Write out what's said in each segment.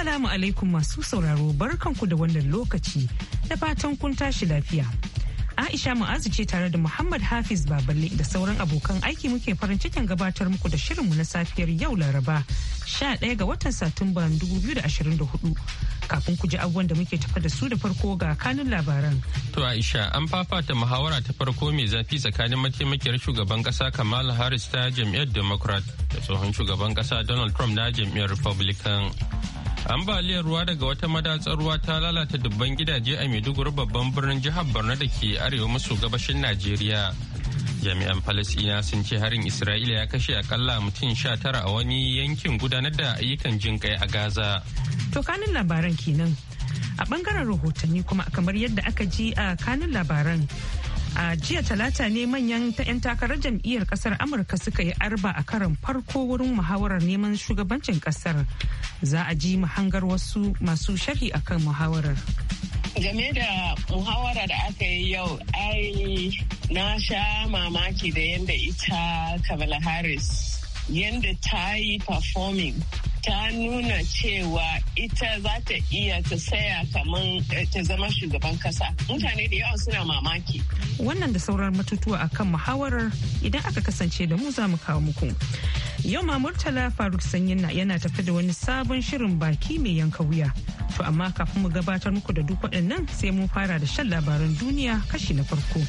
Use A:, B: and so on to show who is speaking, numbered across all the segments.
A: Assalamu alaikum masu sauraro barkanku da wannan lokaci da fatan kun tashi lafiya. Aisha Mu'azu ce tare da Muhammad Hafiz Baballe da sauran abokan aiki muke farin cikin gabatar muku da shirinmu na safiyar yau Laraba 11 ga watan Satumba 2024. Kafin ku ji abubuwan da muke tafa da su da farko ga kanun labaran.
B: To Aisha an fafata muhawara ta farko mai zafi tsakanin mataimakiyar shugaban kasa Kamala Harris ta jam'iyyar Democrat da tsohon shugaban kasa Donald Trump na jam'iyyar Republican. ambaliyar ruwa daga wata madatsar ruwa ta lalata dubban gidaje a maiduguri babban birnin jihar borno da ke arewa maso gabashin najeriya jami'an falasina sun ce harin isra'ila ya kashe akalla mutum sha tara a wani yankin gudanar da ayyukan jin kai a gaza
A: to kanin labaran kenan a bangaren rahotanni kuma kamar yadda aka ji a kanin labaran a jiya talata ne manyan ta 'yan takarar jam'iyyar kasar amurka suka yi arba a karin farko wurin muhawarar neman shugabancin kasar za a ji mahangar wasu masu sharhi akan muhawarar
C: game da muhawara da aka yi yau ai na sha mamaki da yadda ita kamala harris yadda ta yi performing ta nuna cewa ita za ta iya ta saya kamar eh, ta zama shugaban kasa mutane da yawa suna
A: mamaki wannan da sauran matutuwa akan muhawarar idan aka kasance da mu za mu kawo muku yau ma murtala faruk sanyin yana tafi da wani sabon shirin baki mai yanka wuya to amma kafin mu gabatar muku da duk waɗannan sai mun fara da shan labaran duniya kashi na farko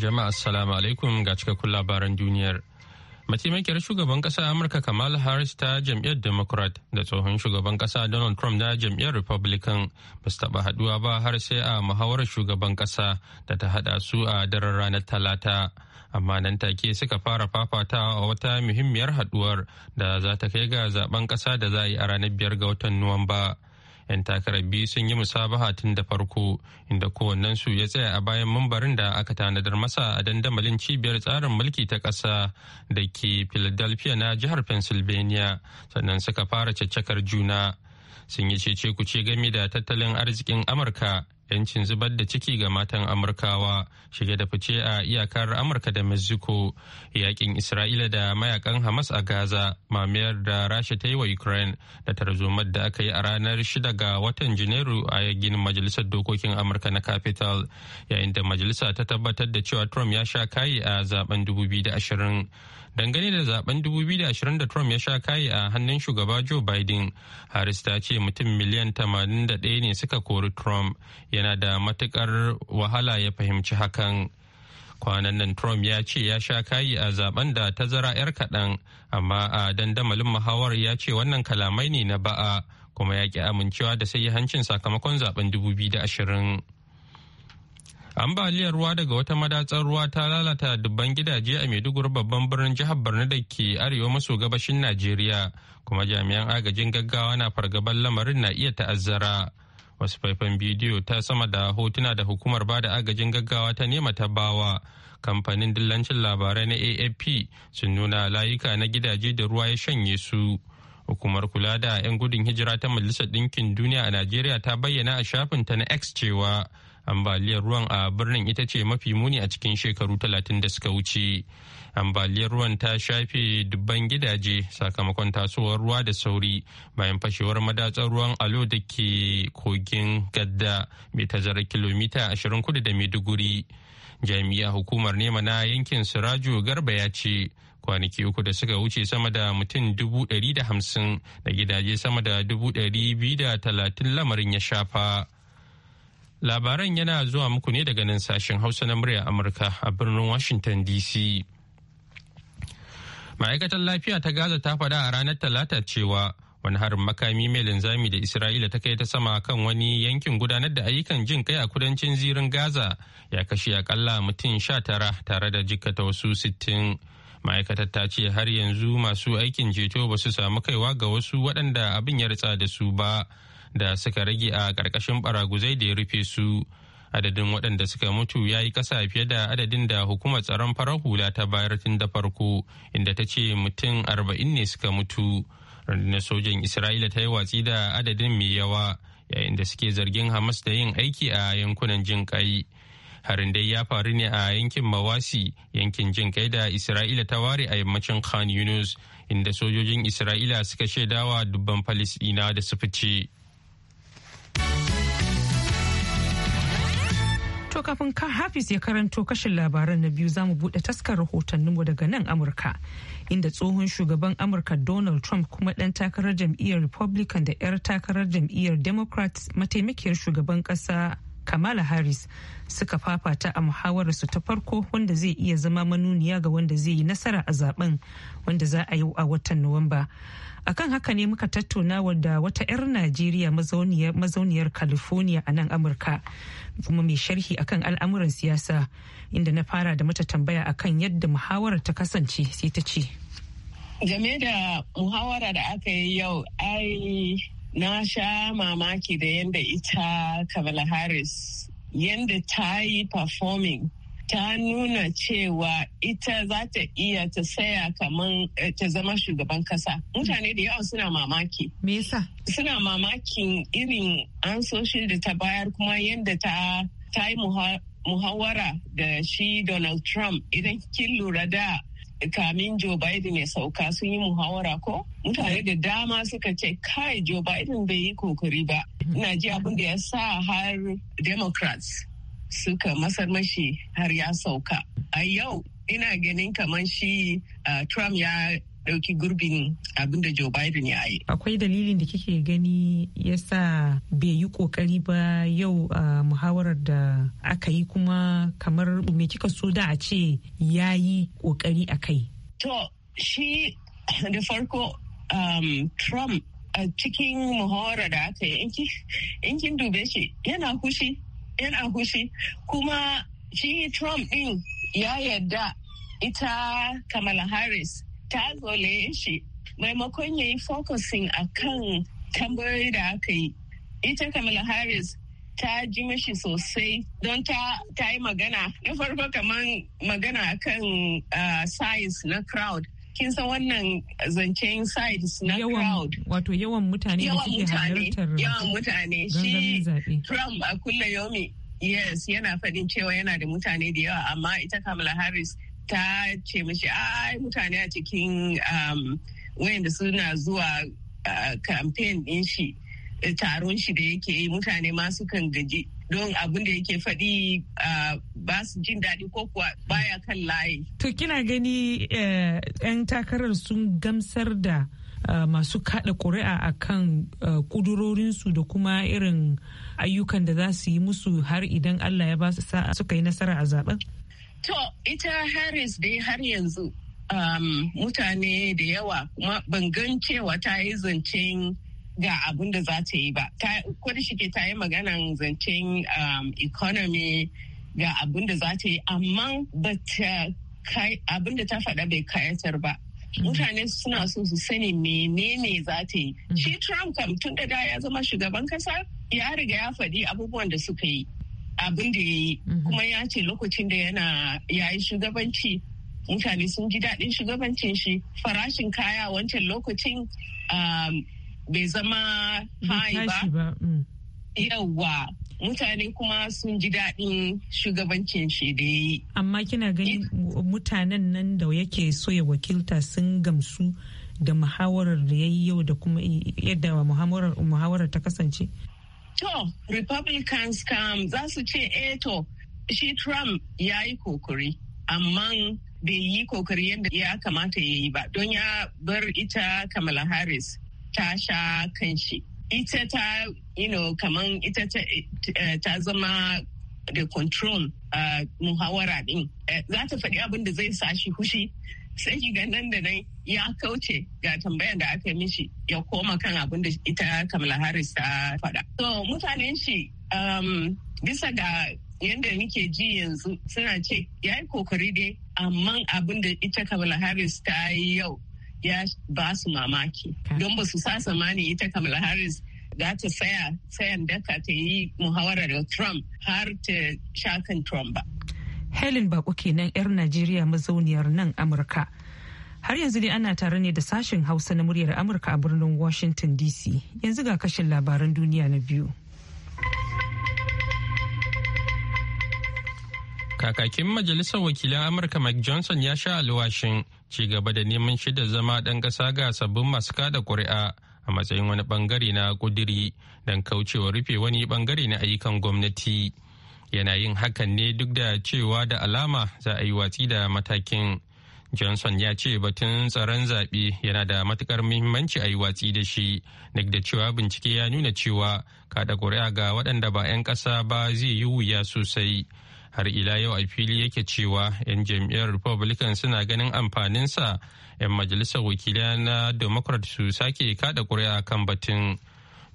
B: Jama'a assalamu alaikum ga cikakkun labaran duniyar. Mataimakiyar shugaban kasa Amurka Kamal Harris ta jam'iyyar Democrat da tsohon shugaban kasa Donald Trump na jam'iyyar Republican ba su taɓa haɗuwa ba har sai a muhawarar shugaban kasa da ta haɗa su a daren ranar Talata. Amma nan take suka fara fafatawa a wata muhimmiyar haduwar da za ta kai ga zaben kasa da za a yi a ranar biyar ga watan Nuwamba. 'yan takarar biyu sun yi musabaha tun da farko inda kowannensu ya tsaya a bayan mambarin da aka tanadar masa a dandamalin cibiyar tsarin mulki ta ƙasa da ke philadelphia na jihar pennsylvania sannan suka fara caccakar juna sun yi cece ku ce game da tattalin arzikin amurka yancin zubar da ciki ga matan amurkawa shige da fice a iyakar amurka da mexico yakin isra'ila da mayakan hamas a gaza mamayar da rasha ta yi wa ukraine da tarzomar da aka yi a ranar 6 ga watan janairu a ginin majalisar dokokin amurka na capital yayin da majalisa ta tabbatar da cewa trump ya sha kayi a zaben 2020 dangane da zaben 2020 da trump ya sha kayi a hannun shugaba joe biden harris ta ce mutum miliyan 81 ne suka kori trump yana da matukar wahala ya fahimci hakan kwanan nan trump ya ce ya sha kayi a zaben da tazara 'yar kaɗan amma a dandamalin muhawar ya ce wannan kalamai ne na ba'a kuma ya ki amincewa da sai hancin sakamakon zaben 2020 ambaliyar ruwa daga wata madatsar ruwa ta lalata dubban gidaje a maiduguri babban birnin jihar borno da ke arewa maso gabashin najeriya kuma jami'an agajin gaggawa na fargabar lamarin na iya ta'azzara wasu faifan bidiyo ta sama da hotuna da hukumar bada agajin gaggawa ta nema ta bawa kamfanin dillancin labarai na afp sun nuna layuka na gidaje da ruwa ya shanye su hukumar kula da 'yan gudun hijira ta majalisar ɗinkin duniya a najeriya ta bayyana a shafinta na x cewa ambaliyar ruwan a birnin ita ce mafi muni a cikin shekaru talatin da suka wuce ambaliyar ruwan ta shafe dubban gidaje sakamakon tasowar ruwa da sauri bayan fashewar madatsar ruwan alo da ke kogin gadda mai tazarar kilomita 20 kudu da maiduguri jami'a hukumar nema na yankin sirajo garba ya ce kwanaki uku da suka wuce sama da mutum dubu dari da hamsin da gidaje sama da dubu dari biyu da talatin lamarin ya shafa Labaran yana zuwa muku ne daga nan sashen Hausa na murya Amurka a birnin Washington DC. Ma'aikatar lafiya ta Gaza ta faɗa a ranar Talata cewa wani harin makami mai linzami da Isra'ila ta kai ta sama kan wani yankin gudanar da ayyukan jin kai a kudancin zirin Gaza ya kashe akalla mutum sha tara tare da jikkata wasu sittin. Ma'aikatar ta ce har yanzu masu aikin ceto ba su samu kaiwa ga wasu waɗanda abin ya ritsa da su ba. da suka rage a ƙarƙashin baraguzai da ya rufe su adadin waɗanda suka mutu ya yi ƙasa fiye da adadin da hukumar tsaron farar hula ta bayar tun da farko inda ta ce mutum arba'in ne suka mutu rundunar sojan isra'ila ta yi watsi da adadin mai yawa yayin da suke zargin hamas da yin aiki a yankunan jin kai harin dai ya faru ne a yankin mawasi yankin jin kai da isra'ila ta ware a yammacin khan yunus inda sojojin isra'ila suka shaidawa dubban falisdina da su fice
A: To kafin ka Hafiz ya karanto kashin labaran na biyu zamu mu buɗe taskar rahotanninmu daga nan Amurka. Inda tsohon shugaban Amurka Donald Trump kuma ɗan takarar jam'iyyar Republican da 'yar takarar jam'iyyar Democrats mataimakiyar shugaban ƙasa Kamala Harris suka fafata a muhawararsu ta farko wanda zai iya zama manuniya ga wanda zai yi nasara a zaben wanda za a yi a watan Nuwamba. akan haka ne muka tattauna wadda wata 'yar najeriya mazauniyar california a nan amurka kuma mai sharhi akan al'amuran siyasa inda na fara da mata tambaya akan yadda muhawarar ta kasance sai ta ce
C: game da muhawara da aka yi yau ai na sha mamaki da yadda ita kamala harris yadda ta yi performing ta nuna cewa ita za ta iya ta saya kamar eh, ta zama shugaban kasa. Mutane da yawa suna mamaki. Me yasa? Suna mamakin irin ansoshin da ta bayar kuma yadda ta ta yi muhawara da shi Donald Trump idan kin lura da kamin Joe Biden ya sauka sun yi muhawara ko? Mutane mm. da dama suka ce kai Joe Biden bai yi kokari ba. Ina ji abin da ya sa har Democrats suka masar har ya sauka. A yau ina ganin kamar shi uh, Trump ya dauki gurbin abin da Joe Biden ya yi.
A: Akwai dalilin da kike gani ya sa bai yi ƙoƙari ba yau a muhawarar da aka yi kuma kamar me kika so da a ce ya yi ƙoƙari a kai. To, shi da farko
C: um, Trump a cikin muhawarar da aka yi in kin dube shi yana kushi yan agushi kuma shi trump din ya yarda ita kamala harris ta zole shi maimakon ya yi focusing a kan tambayoyi da aka yi ita kamala harris ta ji mashi sosai don ta, yi magana na farko kamar magana akan uh, ah, size na crowd kin san wannan zancen sides
A: na crowd wato yawan mutane da suke halartar yawan mutane shi Trump a
C: kulla yomi yes yana faɗin cewa yana da mutane da yawa amma ita Kamala Harris ta ce mishi ai mutane a cikin um, wayanda suna zuwa uh, campaign din shi taron shi da yake yi mutane ma sukan gaji don abin da yake faɗi ba su jin daɗi ko kuwa baya kan
A: layi. To kina gani 'yan eh, takarar sun gamsar da masu kaɗa ƙuri'a a kan ƙudurorinsu da kuma irin ayyukan da za su yi musu har idan Allah ya ba su sa'a suka yi nasara a zaben? To ita
C: Harris dai har yanzu mutane da yawa kuma ban gan cewa ta yi zancen ga abin da za ta yi ba ko da shike ta yi maganan zancen um, economy ga abin da za ta yi amma abin da ta faɗa bai kayatar ba mhm. mutane suna so su sani menene za ta yi mhm. shi trump kam tun da ya zama shugaban kasa ya riga ya faɗi abubuwan da suka yi abin da ya yi mhm. kuma ya ce lokacin da yana ya yi shugabanci mutane sun ji daɗin shugabancin shi farashin kaya wancan lokacin um, bai zama hai ba mm. yawwa mutane kuma sun ji daɗin shugabancin shi da yi
A: amma kina ganin mutanen nan da yake so ya wakilta sun gamsu da muhawarar da ya yi yau da kuma yadda muhawarar ta kasance to
C: republicans kam za su ce e to shi trump ya yi kokari amma bai yi kokari yadda ya kamata ya yi ba don ya bar ita kamala harris ta sha kan shi ita ta you know kaman ita ta, eh, ta zama da control uh, muhawara din eh, za ta faɗi abin da zai sa shi hushi sai ga nan da nan ya kauce ga tambayar da aka mishi ya koma kan abin da ita kamala harris ta faɗa so mutanen shi um, bisa ga yadda nike ji yanzu suna ce ya yi kokari dai amma abin da ita kamala harris ta yi yau ya ba su mamaki don ba su sa samani ita kamala harris za ta saya sayan daka ta yi
A: muhawarar da trump har ta shakan trump ba helen bako kenan 'yar najeriya mazauniyar nan amurka har yanzu dai ana tare ne da sashen hausa na muryar amurka a birnin washington dc yanzu ga kashin labaran duniya na biyu
B: Kakakin Majalisar Wakilan Amurka Mike Johnson ya sha alwashin ci gaba da neman shida zama ɗan ƙasa ga sabbin masu kada ƙuri'a a matsayin wani ɓangare na ƙudiri don kaucewa rufe wani ɓangare na ayyukan gwamnati. Yana yin hakan ne duk da cewa da alama za a yi watsi da matakin. Johnson ya ce batun tsaron zaɓe yana da matukar muhimmanci a yi watsi da shi, duk da cewa bincike ya nuna cewa kada ƙuri'a ga waɗanda ba 'yan ƙasa ba zai yi wuya sosai. har ila yau a fili yake cewa 'yan jam'iyyar republican suna ganin amfaninsa 'yan majalisar wakilai na democrat su sake kada kuri'a kan batun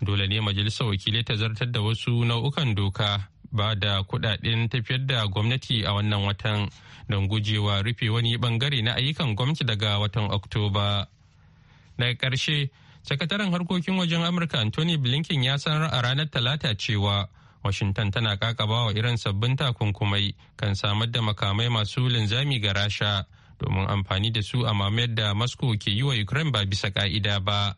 B: dole ne majalisar wakilai ta zartar da wasu nau'ukan doka ba da kudaden tafiyar da gwamnati a wannan watan don gujewa rufe wani bangare na ayyukan gwamnati daga watan oktoba daga karshe sakataren harkokin wajen amurka anthony blinken ya sanar a ranar talata cewa washington tana kakaba wa irin sabbin takunkumai kan samar da makamai masu linzami ga rasha domin amfani da su a mamayar da moscow ke yi wa ukraine ba bisa ka'ida ba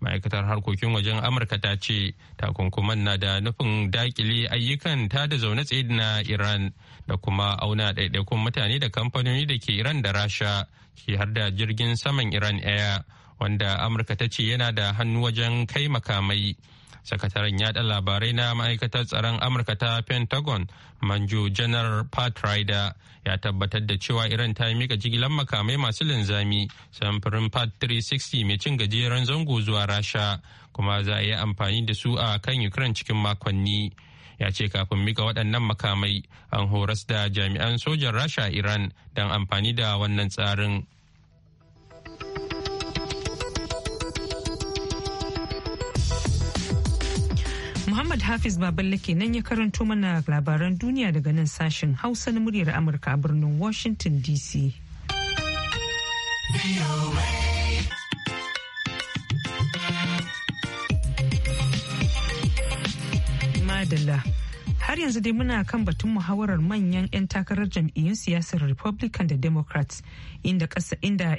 B: ma'aikatar harkokin wajen amurka ta ce takunkuman na da nufin dakile ayyukan ta da zaune tsaye na iran da kuma auna ɗaiɗaikun mutane da kamfanoni da ke iran da rasha ke har da jirgin saman iran air wanda amurka ta ce yana da hannu wajen kai makamai sakataren yada labarai na ma'aikatar tsaron amurka ta pentagon manjo janar pat rider ya tabbatar da cewa iran ta yi mika jigilar makamai masu linzami samfurin pat 360 mai cin gajeren zango zuwa rasha kuma za a yi amfani da su a kan ukraine cikin makonni ya ce kafin mika waɗannan makamai an horas da jami'an sojan rasha iran don amfani da wannan tsarin.
A: Muhammad Hafiz Baballe nan ya karanto mana labaran duniya daga nan sashen Hausa na muryar Amurka a birnin Washington DC. Madalla. Har yanzu dai muna kan batun muhawarar manyan 'yan takarar jam'iyyun siyasar Republican da Democrats inda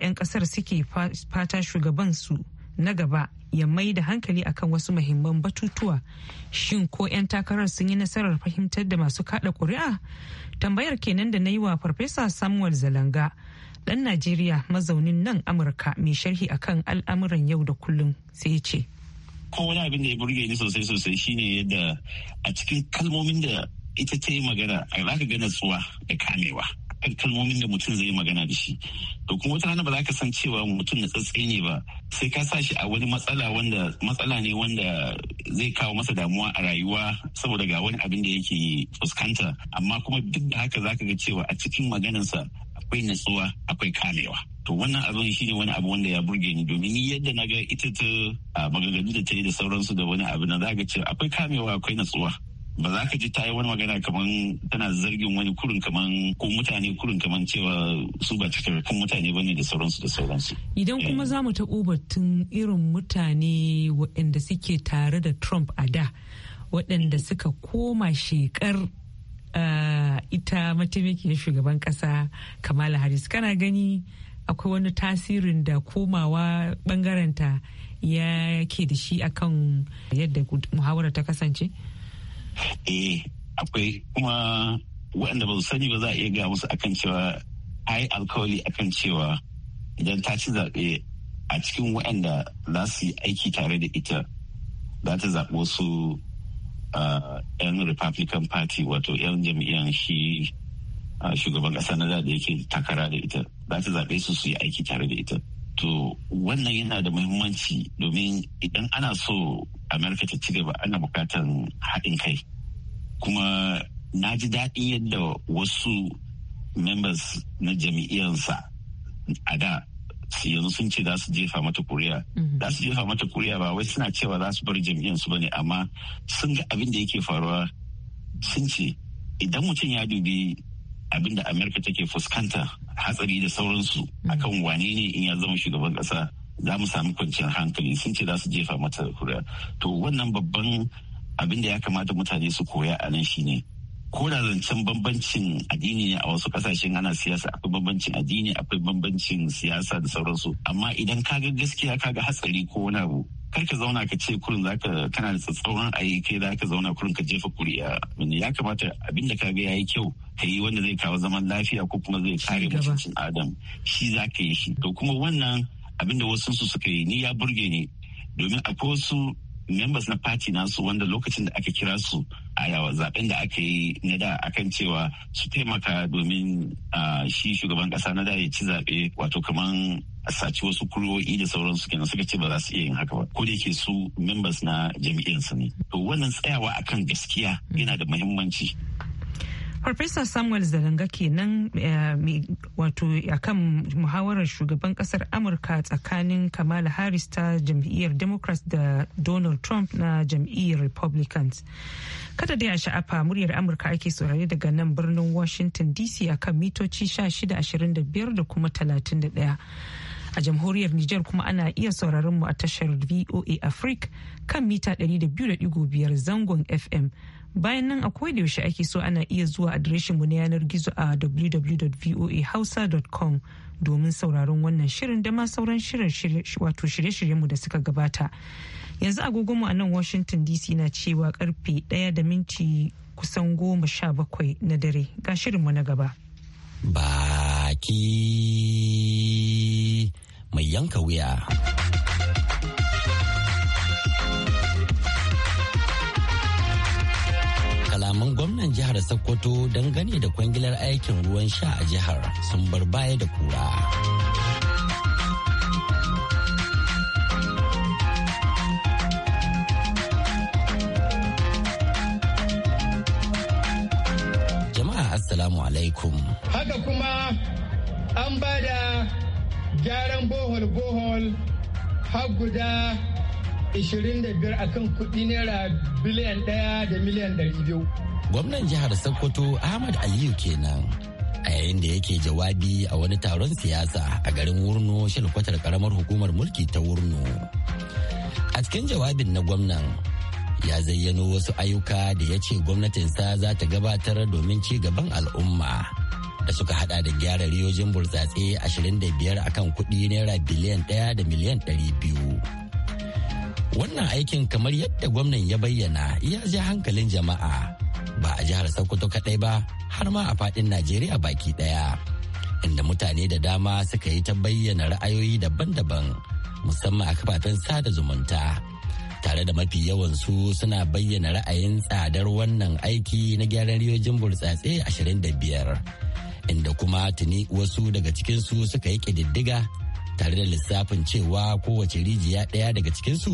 A: 'yan kasar suke fata shugaban su na gaba ya mai da hankali akan wasu mahimman batutuwa shin ko 'yan takarar sun yi nasarar fahimtar da masu kada kuri'a tambayar kenan da na yi wa farfesa samuel zalanga ɗan najeriya mazaunin nan amurka mai sharhi akan al'amuran yau da kullum sai ce
D: kowane abin da ya burge ni sosai sosai shine yadda a cikin kalmomin da ita ta yi magana a ka ga natsuwa da kamewa kalmomin da mutum zai magana da shi to kuma wata rana ba za ka san cewa mutum na tsatsi ne ba sai ka sa shi a wani matsala wanda matsala ne wanda zai kawo masa damuwa a rayuwa saboda ga wani abin da yake fuskanta amma kuma duk da haka za ka ga cewa a cikin maganarsa akwai natsuwa akwai kamewa to wannan abin shi ne wani abu wanda ya burge ni domin ni yadda na ga ita ta magagadu da ta yi da sauransu da wani abu na za ka cewa akwai kamewa akwai natsuwa ba za ka ji ta yi wani magana kamar tana zargin wani kurin kamar ko mutane kurin kamar cewa su ba cikakkun mutane ba ne da sauransu da sauransu.
A: Idan kuma eh. za mu taɓo batun irin mutane waɗanda suke tare da Trump a da waɗanda suka koma shekar eh, ita mataimakiyar shugaban ƙasa Kamala Harris kana gani akwai wani tasirin da komawa ɓangarenta ya ke da shi akan yadda muhawara ta kasance?
D: eh akwai kuma waɗanda ba su sani ba za a iya ga musu akan cewa a yi alkawali akan cewa idan ta ci zaɓe a cikin waɗanda za su yi aiki tare da ita za ta zaɓi wasu yan ah, republican party wato yan jam'iyyar shi ah, shugaban ƙasa na da yake takara da ita za ta zaɓe su su yi aiki tare da ita To wannan yana da muhimmanci domin idan ana so Amurka ta ci gaba ana bukatar haɗin kai. Kuma na ji daɗin yadda wasu members na jami'iyansa a da yanzu sun ce za su jefa mata kuriya. Mhm. Za su jefa mata kuriya ba wai suna cewa za su bar jami'iyansu ba ne amma sun ga abin da yake faruwa sun ce idan mutum ya dubi abin da amurka take fuskanta hatsari da sauransu mm. akan wane ne in ya zama shugaban kasa za mu sami kwanciyar hankali sun ce za su jefa mata kuri'a to wannan babban abin da ya kamata mutane su koya a nan shine ko da zancen bambancin addini ne a wasu kasashen ana siyasa akwai bambancin addini akwai bambancin siyasa da sauransu amma idan ka ga gaskiya ka ga hatsari ko wani abu kar ka zauna ka ce kurin zaka kana da tsatsauran ayi kai zaka zauna kurin ka jefa kuri'a ya kamata abin da kaga yayi kyau ka yi wanda zai kawo zaman lafiya ko kuma zai kare mutuncin adam shi zaka yi shi to kuma wannan abin da wasu su suka yi ni ya burge ni domin akwai wasu members na party nasu wanda lokacin da aka kira su a yawa zaben da aka yi na da akan cewa su taimaka domin shi shugaban kasa na da ya ci zaɓe wato kaman a saci wasu kuriyoyi da sauransu kenan suka ce ba za su iya yin haka ba ko da yake su members na jami'in su ne to wannan tsayawa akan gaskiya yana da muhimmanci
A: Farfesa Samuel Zalanga kenan eh, wato kan muhawarar shugaban kasar Amurka tsakanin Kamala Harris ta jam'iyyar Democrats da Donald Trump na jam'iyyar Republicans. Kada dai a sha'afa muryar Amurka ake saurare daga nan birnin Washington DC a kan mitoci 1625 da kuma 31. a jamhuriyar Nijar kuma ana iya sauraron mu a tashar VOA Africa kan mita 200.5 zangon FM bayan nan da yaushe ake so ana iya zuwa adireshinmu na yanar gizo a www.voahausa.com domin sauraron wannan shirin da ma sauran shirin wato shirye-shiryenmu da suka gabata yanzu agogonmu a nan washington dc na cewa karfe ɗaya da minti kusan goma sha bakwai na dare ga shirinmu na gaba
E: baki mai yanka wuya kalaman gwamnan jihar Sokoto dangane da kwangilar aikin ruwan sha a jihar sun bar baya da kura. Jama'a Assalamu
F: alaikum. Haka kuma an ba da gyaran bohol-bohol har guda 25 akan kuɗi naira biliyan ɗaya da miliyan 200
E: gwamnan jihar sokoto ahmad aliyu kenan a yayin da yake jawabi a wani taron siyasa a garin wurno shilkwatar karamar hukumar mulki ta wurno a cikin jawabin na gwamnan ya zayyano wasu ayyuka da ya ce gwamnatinsa za ta gabatar domin ci gaban al'umma da suka hada da gyara riyojin burtsatse 25 akan kudi naira biliyan 1 da miliyan 200 wannan aikin kamar yadda gwamnan ya bayyana ya ji hankalin jama'a ba a jihar Sokoto kaɗai ba har ma a faɗin Najeriya baki ɗaya. Inda mutane da dama suka yi ta bayyana ra'ayoyi daban-daban musamman a kafafen sada zumunta. tare da mafi yawansu suna bayyana ra'ayin tsadar wannan aiki na gyaran riyojin burtsatse 25 inda kuma tuni wasu daga cikinsu suka yi ƙididdiga tare da lissafin cewa kowace rijiya ɗaya daga cikinsu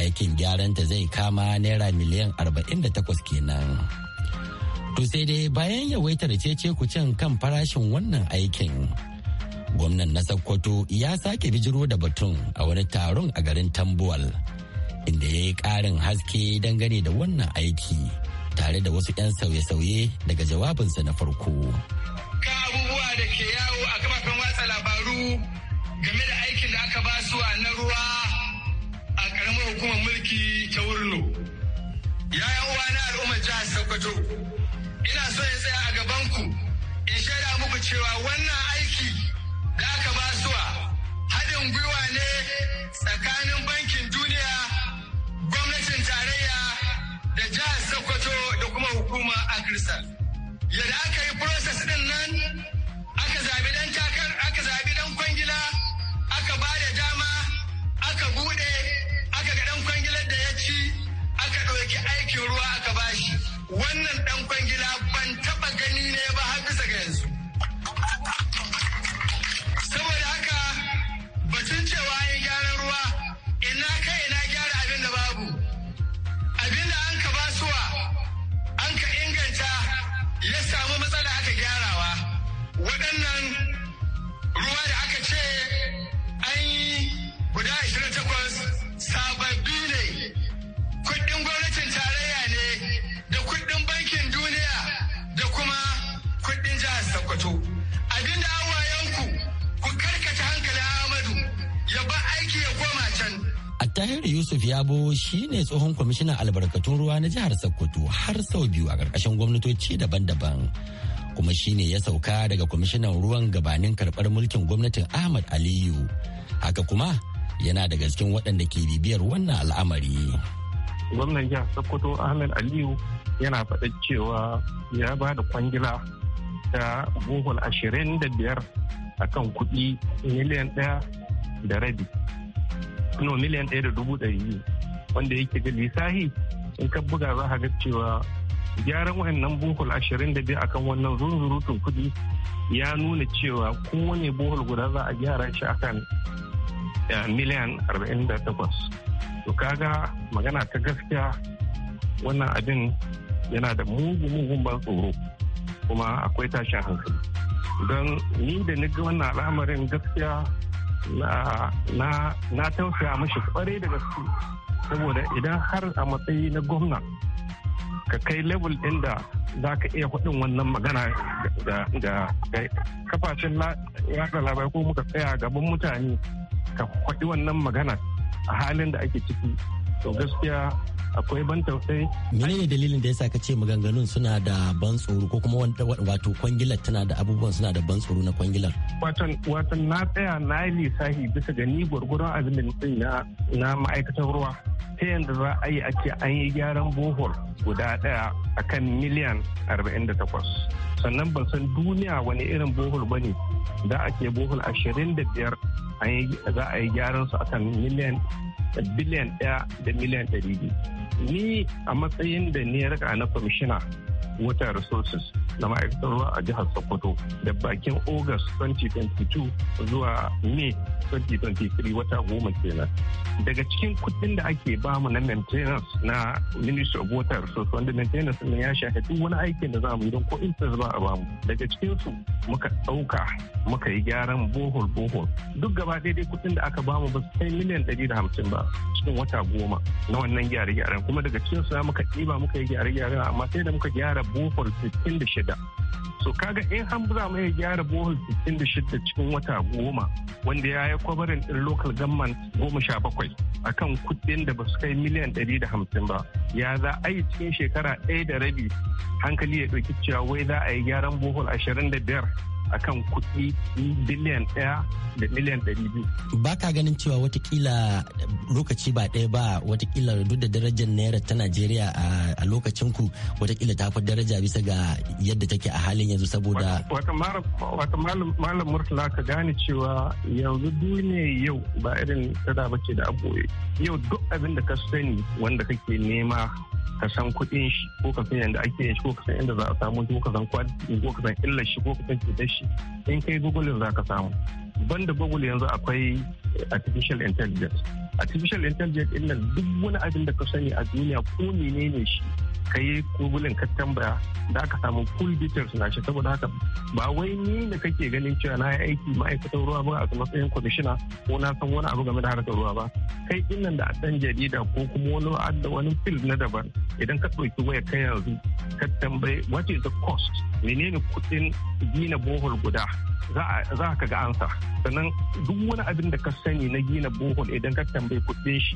E: aikin gyaran ta zai kama naira miliyan 48 kenan to sai dai bayan yawaitar cece kucin kan farashin wannan aikin gwamnan na sokoto ya sake bijiro da batun a wani taron a garin tambuwal inda ya yi ƙarin haske dangane da wannan aiki tare da wasu 'yan sauye-sauye daga jawabinsa na farko
F: ka abubuwa da ke yawo a kafafen watsa labaru game da aikin da aka a na ruwa kuma mulki ta wurno yaya uwa na al'ummar jihar sokoto ina so ya tsaya a gabanku in shaida muku cewa wannan aiki da aka basuwa haɗin gwiwa ne tsakanin bankin duniya gwamnatin tarayya da jihar sokoto da kuma hukuma akrisal yadda aka yi process ɗin nan aka zaɓi dan takar aka zaɓi dan kwangila aka ba da dama aka buɗe wanda ya ci aka ɗauki aikin ruwa aka bashi wannan ɗan kwangila ban taɓa gani ne ba har bisa ga yanzu saboda haka batun cewa ya gyaran ruwa ina kai ina gyara abin da babu abin da an ka basuwa an ka inganta ya samu matsala aka gyarawa waɗannan ruwa da aka
E: shi ne tsohon kwamishinan albarkatun ruwa na jihar Sokoto har sau biyu a ƙarƙashin gwamnatoci daban-daban. Kuma shi ne ya sauka daga kwamishinan ruwan gabanin karɓar mulkin gwamnatin Ahmad Aliyu. Haka kuma yana daga cikin waɗanda ke
G: bibiyar wannan al'amari. Gwamnan jihar Sokoto Ahmad Aliyu yana faɗa cewa ya ba da kwangila ta bohol ashirin da biyar akan kuɗi miliyan ɗaya da rabi. no miliyan ɗaya da dubu ɗari biyu wanda yake da lissahi in ka buga za a ga cewa gyaran wayannan bohol ashirin da biyu akan wannan zunzurutun kuɗi ya nuna cewa kowane bohol guda za a gyara shi akan eh, miliyan arba'in da takwas to kaga magana ta gaskiya wannan abin yana da mugu mugun ban tsoro kuma akwai tashin hankali don ni da ni ga wannan al'amarin gaskiya na tausaya mashi kwarai da gaske saboda idan har a matsayi na gwamna ka kai level ɗin da za ka iya faɗin wannan magana da kafashin yada labarai ko muka tsaya gaban mutane ka faɗi wannan magana a halin da ake ciki to gaskiya akwai ban tausayi. Menene dalilin da ya ka ce
E: maganganun suna da ban tsoro ko kuma wato kwangilar tana da abubuwan suna da ban tsoro na kwangilar?
G: Watan watan na tsaya na yi lissafi bisa ga ni gwargwaron azumin din na na ma'aikatar ruwa. Ta yadda za a yi ake an yi gyaran bohol guda ɗaya akan miliyan arba'in da takwas. Sannan ban san duniya wani irin bohol ba ne da ake bohol ashirin da biyar za a yi gyaran su akan miliyan biliyan ɗaya da miliyan dari ni a matsayin da ya raka na kwamishina water resources na ma'aikatan ruwa a jihar sokoto da bakin august 2022 zuwa may 2023 wata goma kenan daga cikin kudin da ake bamu na maintenance na ministry of water resources wanda maintenance ne ya shafi duk wani aikin da za mu yi don ko interest ba a bamu daga cikin su muka ɗauka muka yi gyaran bohol bohol duk gaba daidai kudin da aka bamu ba su kai miliyan ɗari da hamsin ba cikin wata goma na wannan gyare-gyaren kuma daga cikin su muka ɗiba muka yi gyare-gyaren amma sai da muka gyara bohol 66 so kaga in an za mu iya gyara bohol 66 cikin wata goma wanda ya yi kwabarin ɗin local government goma sha bakwai akan kuɗin da ba su kai miliyan ɗari da hamsin ba ya za a yi cikin shekara ɗaya da rabi hankali ya ɗauki cewa wai za a yi gyaran bohol 25 akan kuɗi biliyan ɗaya da miliyan ɗari biyu.
E: Ba ka ganin cewa watakila lokaci ba ɗaya ba watakila duk da darajar naira ta Najeriya a lokacin ku watakila ta fi daraja bisa ga yadda take a halin yanzu saboda.
G: Wata malam Murtala ka gane cewa yanzu duniya yau ba irin tada ba ce da aboye. Yau duk abin da ka sani wanda kake nema ka san kuɗin shi ko ka san yadda ake yin shi ko ka san inda za a samu shi ko ka san kwadin ko ka san illar shi ko ka san cutar shi tem que ir google za ka banda google yanzu akwai artificial intelligence artificial intelligence din duk wani abin da ka sani a duniya ko menene shi ka yi googling ka tambaya da aka samu full details na shi saboda haka ba wai ni da kake ganin cewa na yi aiki ma'aikatan ruwa ba a matsayin kwamishina ko na san wani abu game da harkar ruwa ba kai din nan da a san jarida ko kuma wani adda wani field na daban idan ka ɗauki waya kai yanzu ka tambayi what is the cost menene kuɗin gina bohol guda za ka ga ansa sannan duk wani abin da ka sani na gina bohol idan ka tambayi kuɗin shi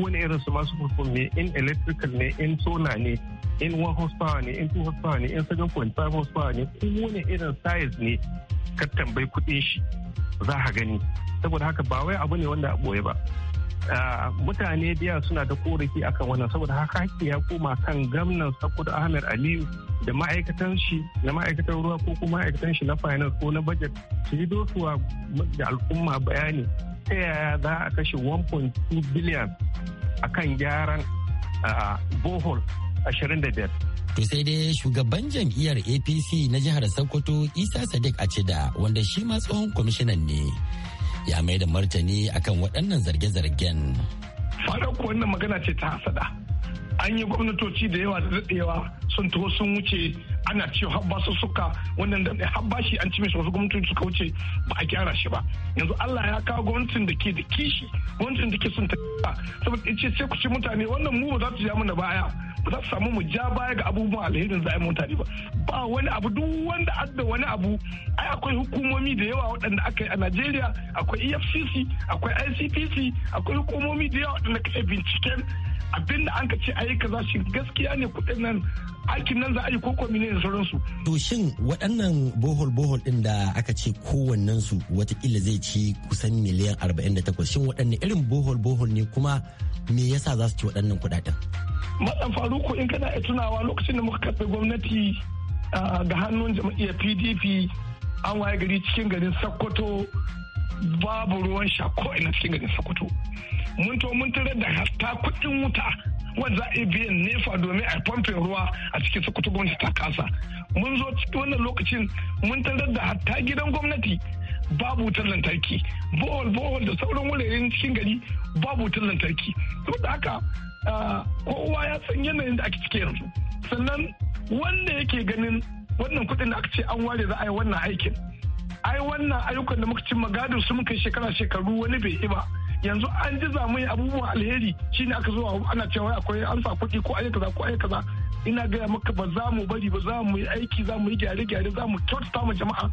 G: wani irin su masu kurkun ne in electrical ne in solar ne in one horsepower ne in two horsepower ne in seven point five horsepower ne wani irin size ne ka tambayi kuɗin shi za ka gani saboda haka ba wai abu ne wanda a ɓoye ba Ah, mutane biya suna da korafi akan wannan saboda haka hakki ya koma kan gamnan sakuda ahmed aliyu da ma'aikatan shi na ma'aikatan ruwa ko kuma ma'aikatan shi na finance ko na budget su yi dosuwa da al'umma bayani ta yaya za a kashe 1.2 biliyan kan gyaran ah, bohol 25 To sai
E: dai shugaban jam'iyyar APC na jihar Sokoto Isa Sadiq Acida wanda shi ma tsohon kwamishinan ne ya mai da martani akan waɗannan zarge-zargen.
H: ku wannan magana ce ta hasada. An yi gwamnatoci da yawa da daɗewa sun taho sun wuce ana ce habba su suka wannan da habba shi an ci mishi wasu gwamnatoci suka wuce ba a gyara shi ba yanzu Allah ya kawo gwamnatin da ke da kishi gwamnatin da ke sun ta saboda ce sai ku ci mutane wannan mu ba za su ja mana baya ba za su samu mu ja baya ga abubuwan alherin za a yi mutane ba ba wani abu duk wanda adda wani abu ai akwai hukumomi da yawa waɗanda aka yi a Najeriya akwai EFCC akwai ICPC akwai hukumomi da yawa waɗanda kai binciken abinda an ka ce ayi kaza shi gaskiya ne kuɗin nan aikin nan za a yi ko ko da sauransu. To shin waɗannan bohol bohol ɗin da aka ce
E: kowannensu watakila zai ci kusan miliyan 48 shin waɗanne irin bohol bohol ne kuma me yasa za su ci waɗannan kuɗaɗen?
H: Matsan faruku in kana iya tunawa lokacin da muka karɓi gwamnati ga hannun jam'iyyar PDP an waye gari cikin garin Sokoto babu ruwan sha ko ina cikin garin Sokoto. Mun to mun tarar da hatta kuɗin wuta wanda za a biyan nefa domin a famfe ruwa a cikin sokoto gwamnati ta kasa mun zo cikin wannan lokacin mun tarar da hatta gidan gwamnati babu wutar lantarki bohol bohol da sauran wuraren cikin gari babu wutar lantarki da haka kowa ya san yanayin da ake cike yanzu sannan wanda yake ganin wannan kudin da aka ce an ware za a yi wannan aikin ai wannan ayyukan da muka cimma gadin su muka shekara shekaru wani bai yi ba yanzu an ji yi abubuwan alheri shi ne aka zo ana cewa akwai an sa kuɗi ko ayi kaza ko ayi kaza ina gaya maka ba za mu bari ba za mu yi aiki za mu yi gyare-gyare za mu kyautata ma jama'a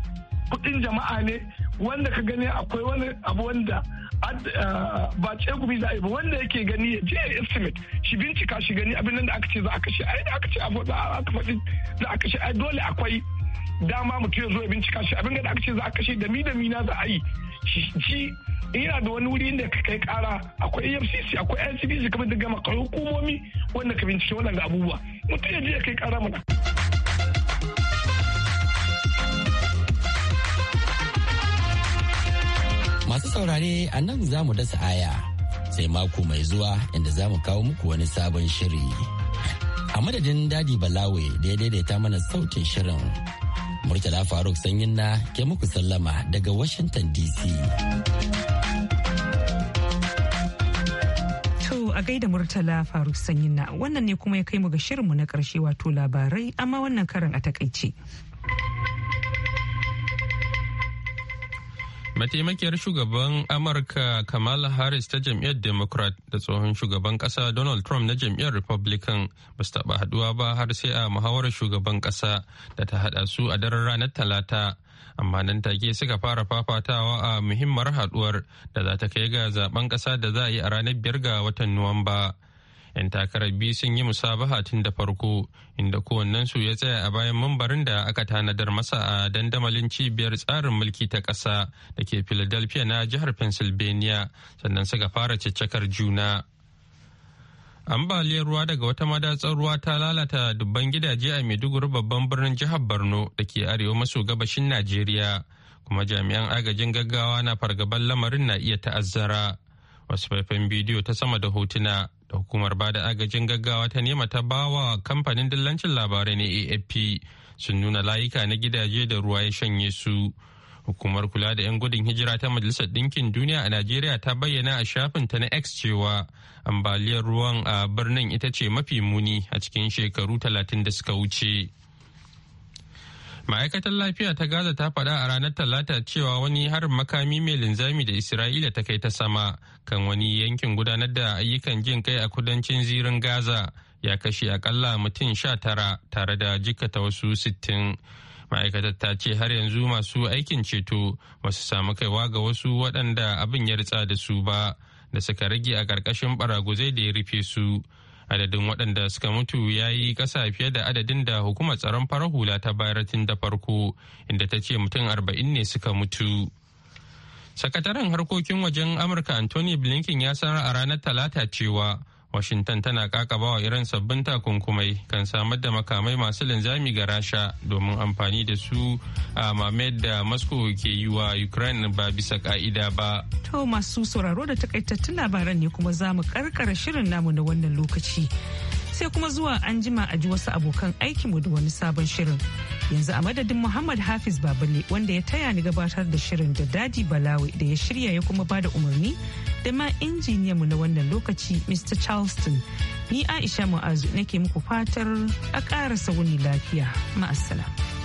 H: kuɗin jama'a ne wanda ka gani akwai wani abu wanda eh, ba ce gumi za a yi ba wanda yake gani ya je estimate shi bincika shi gani abin nan da aka ce za a kashe ai da aka ce abu da aka faɗi za a kashe ai dole akwai dama mutum ya zo ya bincika shi abin da aka ce za a kashe da mi na za a yi shi ina da wani wuri inda ka kai kara akwai efcc akwai ncdc kamar da gama hukumomi wanda ka bincike waɗanda abubuwa mutum ya je ya kai kara mana.
E: Masu saurare a nan za mu dasa aya sai mako mai zuwa inda za mu kawo muku wani sabon shiri. A madadin Dadi Balawe da ya daidaita mana sautin shirin Murtala Faruk sanyin na ke muku sallama daga Washington DC.
A: To a gaida Murtala Faruk sanyin na wannan ne kuma ya kai mu ga shirinmu na karshe wato labarai amma wannan karan a takaice.
B: Mataimakiyar shugaban Amurka Kamala Harris ta jam'iyyar Democrat da tsohon shugaban ƙasa Donald Trump na jam'iyyar Republican ba su taɓa haɗuwa ba har sai a muhawarar shugaban ƙasa da ta haɗa su a daren ranar Talata. Amma nan take suka fara fafatawa a muhimmar haɗuwar da za ta kai ga zaben ƙasa da za a yi a ranar biyar ga watan Nuwamba. 'yan takarar biyu sun yi musabaha tun da farko inda kowannensu ya tsaya a bayan mambarin da aka tanadar masa a dandamalin cibiyar tsarin mulki ta ƙasa da ke philadelphia na jihar pennsylvania sannan suka fara caccakar juna ambaliyar ruwa daga wata madatsar ruwa ta lalata dubban gidaje a maiduguri babban birnin jihar borno da ke arewa maso gabashin najeriya kuma jami'an agajin gaggawa na fargaban lamarin na iya ta'azzara wasu faifan bidiyo ta sama da hotuna da hukumar ba da agajin gaggawa ta nema ta bawa kamfanin dillancin labarai na afp sun nuna layuka na gidaje da ruwa ya shanye su hukumar kula da 'yan gudun hijira ta majalisar ɗinkin duniya a najeriya ta bayyana a shafin ta na x cewa ambaliyar ruwan a birnin ita ce mafi muni a cikin shekaru talatin da suka wuce. ma'aikatar lafiya ta gaza ta faɗa a ranar talata cewa wani harin makami mai linzami da isra'ila ta kai ta sama kan wani yankin gudanar da ayyukan jin kai a kudancin zirin gaza ya kashe akalla mutum sha tara tare da jikata wasu sittin ma'aikatar ta ce har yanzu masu aikin ceto ba samu kaiwa ga wasu waɗanda abin ya da su ba da suka rage a ƙarƙashin baraguzai da ya rufe su adadin waɗanda suka mutu ya yi ƙasa fiye da adadin da hukumar tsaron farar hula ta bayar tun da farko inda ta ce mutum arba'in ne suka mutu sakataren harkokin wajen amurka anthony blinken ya sanar a ranar talata cewa washington tana kakaba wa iran sabbin takunkumai kan samar da makamai masu linzami ga rasha domin amfani da su a mamayar da moscow ke yi wa ukraine ba bisa ka'ida ba
A: to masu sauraro da takaitattun labaran ne kuma za mu karkara shirin namu na wannan lokaci sai kuma zuwa an jima a ji wasu abokan aikinmu da wani sabon shirin yanzu a madadin muhammad hafiz babale wanda ya taya ni gabatar da shirin da dadi balawi da ya shirya ya kuma bada umarni sai ma mu na wannan lokaci Mr. Charleston. Ni Aisha Mu'azu nake muku fatar a ƙara sauni lafiya. Ma'asala.